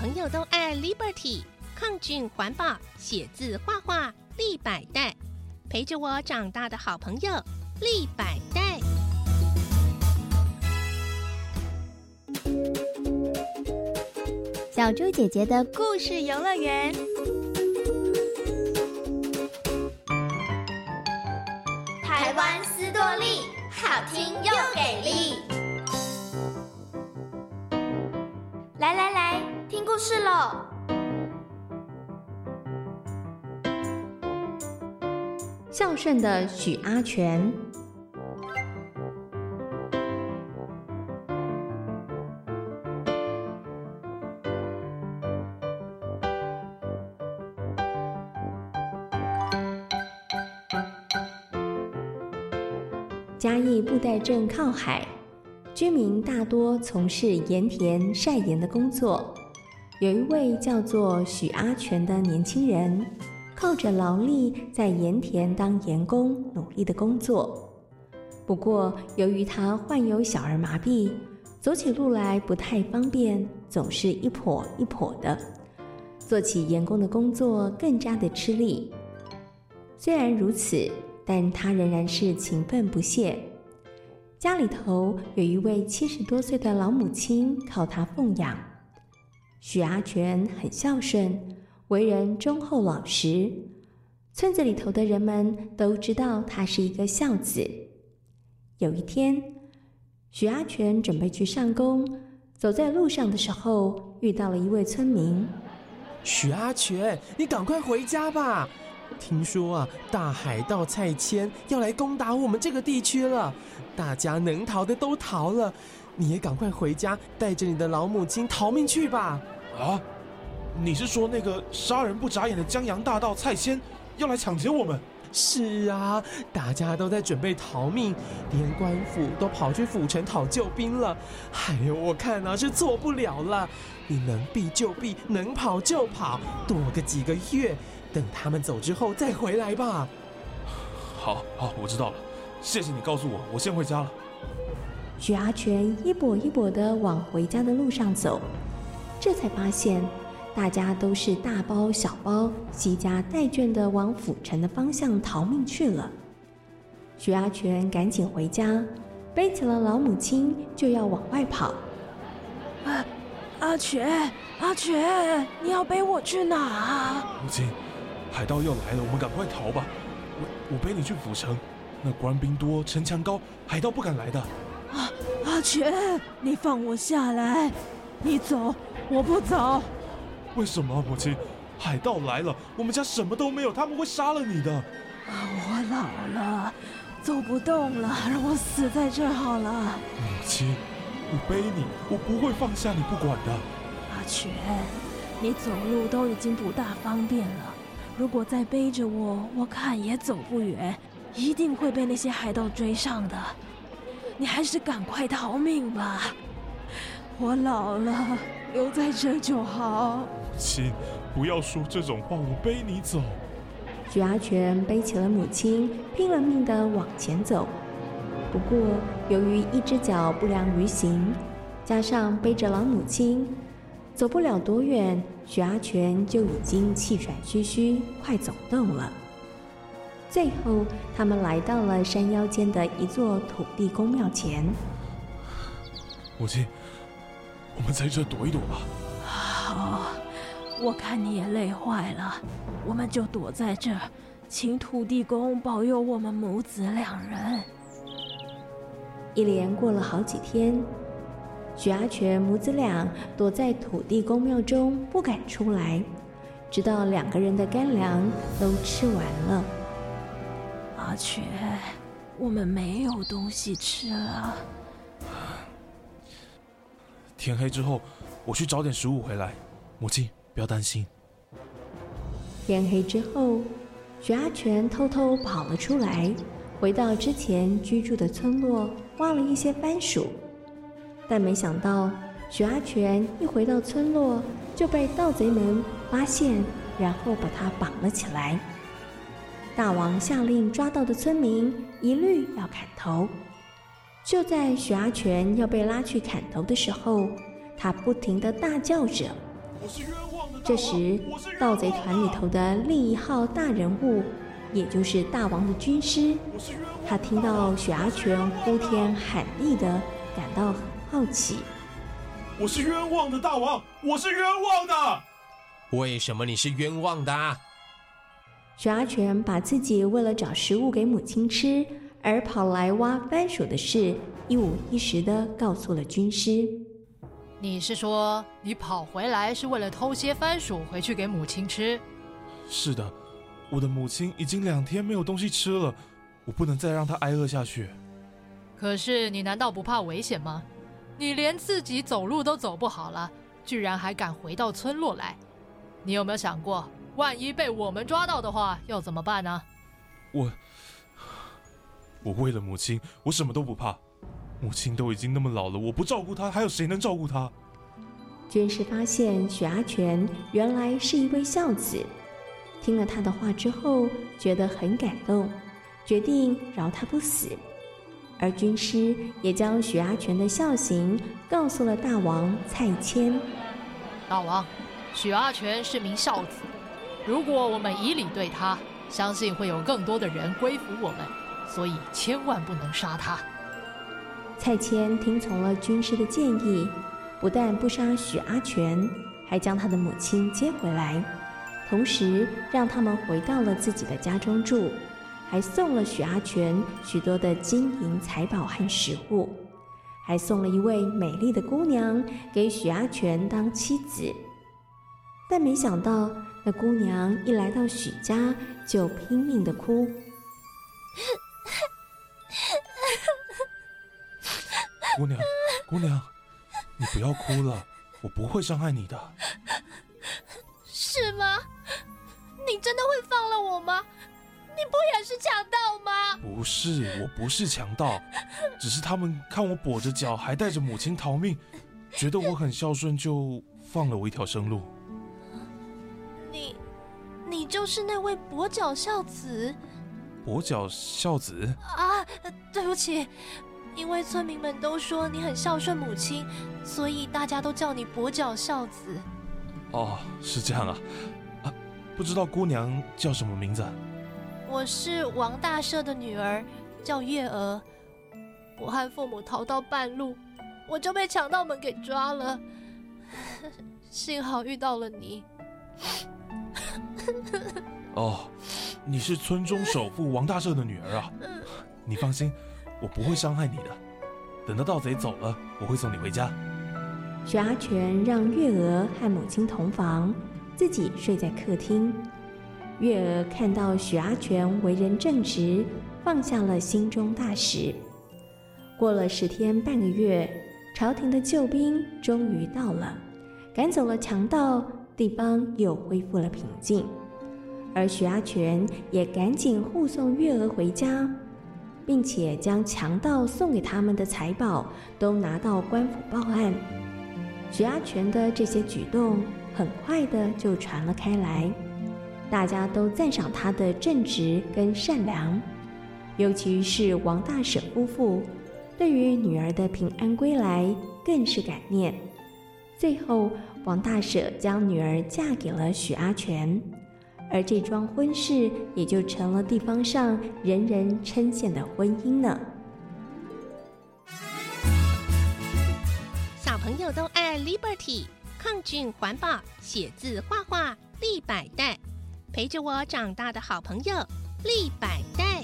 朋友都愛 Liberty，抗菌環保，寫字畫畫立百代，陪着我長大的好朋友立百代。小豬姐姐的故事遊樂園，台灣思多力，好聽又給力。來來來！故事了。孝順的許阿泉。嘉義布袋鎮靠海，居民大多從事鹽田曬鹽的工作。有一位叫做許阿泉的年輕人，靠着勞力在鹽田當鹽工，努力的工作。不過，由於他患有小兒麻痹，走起路來不太方便，總是一跛一跛的，做起鹽工的工作更加的吃力。雖然如此，但他仍然是勤奮不懈。家裡頭有一位七十多歲的老母親，靠他奉養。許阿泉很孝順，為人忠厚老實，村子裡頭的人們都知道他是一個孝子。有一天，許阿泉準備去上工，走在路上的時候遇到了一位村民：“許阿泉，你趕快回家吧！聽說啊，大海盜蔡牽要來攻打我們這個地區了，大家能逃的都逃了。”你也趕快回家，帶着你的老母親逃命去吧！啊，你是說那個殺人不眨眼的江洋大盜蔡仙，要來搶劫我們？是啊，大家都在準備逃命，連官府都跑去府城討救兵了。哎呦，我看啊是錯不了了。你能避就避，能跑就跑，躲個幾個月，等他們走之後再回來吧。好，好，我知道了，謝謝你告訴我，我先回家了。許阿泉一跛一跛地往回家的路上走，這才發現，大家都是大包小包、攜家帶眷地往府城的方向逃命去了。許阿泉趕緊回家，背起了老母親，就要往外跑。啊，阿泉，阿泉，你要背我去哪啊？母親，海盜又來了，我們趕快逃吧。我，我背你去府城，那官兵多，城牆高，海盜不敢來的。啊，阿泉，你放我下來！你走，我不走。為什麼啊，母親？海盜來了，我們家什麼都沒有，他們會殺了你的。啊，我老了，走不動了，讓我死在這好了。母親，我背你，我不會放下你不管的。阿泉，你走路都已經不大方便了，如果再背着我，我看也走不遠，一定會被那些海盜追上的。你還是趕快逃命吧，我老了，留在這就好。母親，不要說這種話，我背你走。許阿泉背起了母親，拼了命的往前走。不過，由於一隻腳不良於行，加上背着老母親，走不了多遠，許阿泉就已經氣喘吁吁，快走不動了。最後，他們來到了山腰間的一座土地公廟前。母親，我們在這躲一躲吧。好，我看你也累壞了，我們就躲在這兒，請土地公保佑我們母子兩人。一連過了好幾天，許阿泉母子倆躲在土地公廟中不敢出來，直到兩個人的乾糧都吃完了。我去，我們沒有東西吃了。天黑之後，我去找點食物回來。母親，不要擔心。天黑之後，許阿泉偷偷偷跑了出來，回到之前居住的村落，挖了一些番薯。但沒想到，許阿泉一回到村落，就被盜賊們發現，然後把他綁了起來。大王下令，抓到的村民一律要砍頭。就在許阿泉要被拉去砍頭的時候，他不停的大叫着：“我是冤枉的！”這時，盜賊團裡頭的另一號大人物，也就是大王的軍師，他聽到許阿泉呼天喊地的，感到很好奇：“我是冤枉的大王，我是冤枉的。為什麼你是冤枉的？”許阿泉把自己為了找食物給母親吃而跑來挖番薯的事一五一十的告訴了軍師。你是說你跑回來是為了偷些番薯回去給母親吃？是的，我的母親已經兩天沒有東西吃了，我不能再讓她挨餓下去。可是你難道不怕危險嗎？你連自己走路都走不好了，居然還敢回到村落來？你有沒有想過？萬一被我們抓到的話，要怎麼辦呢？我，我為了母親，我什麼都不怕。母親都已經那麼老了，我不照顧她，還有誰能照顧她？軍師發現許阿泉原來是一位孝子，聽了他的話之後，覺得很感動，決定饒他不死。而軍師也將許阿泉的孝行告訴了大王蔡牽。大王，許阿泉是名孝子。如果我們以禮對他，相信會有更多的人歸服我們，所以千萬不能殺他。蔡牽聽從了軍師的建議，不但不殺許阿泉，還將他的母親接回來，同時讓他們回到了自己的家中住，還送了許阿泉許多的金銀財寶和食物，還送了一位美麗的姑娘給許阿泉當妻子，但沒想到。那姑娘一來到許家，就拼命的哭。姑娘，姑娘，你不要哭了，我不會傷害你的。是嗎？你真的會放了我嗎？你不也是強盜嗎？不是，我不是強盜，只是他們看我跛着腳還帶着母親逃命，覺得我很孝順，就放了我一條生路。你，你就是那位跛腳孝子。跛腳孝子啊！對不起，因為村民們都說你很孝順母親，所以大家都叫你跛腳孝子。哦，是這樣啊。啊，不知道姑娘叫什麼名字？我是王大社的女兒，叫月娥。我和父母逃到半路，我就被強盜們給抓了。 幸好遇到了你。哦，你是村中首富王大舍的女兒啊！你放心，我不會傷害你的。等到盜賊走了，我會送你回家。許阿泉讓月娥和母親同房，自己睡在客廳。月娥看到許阿泉為人正直，放下了心中大事。過了十天半個月，朝廷的救兵終於到了，趕走了強盜，地方又恢復了平靜。而許阿泉也趕緊護送月娥回家，並且將強盜送給他們的財寶都拿到官府報案。許阿泉的這些舉動很快地就傳了開來，大家都讚賞他的正直跟善良，尤其是王大舍夫婦，對於女兒的平安歸來更是感念。最後，王大舍將女兒嫁給了許阿泉。而這樁婚事也就成了地方上人人稱羨的婚姻呢。小朋友都愛 Liberty，抗菌環保，寫字畫畫利百代，陪着我長大的好朋友利百代。